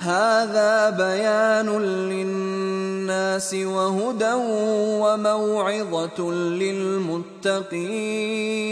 هذا بيان للناس وهدى وموعظة للمتقين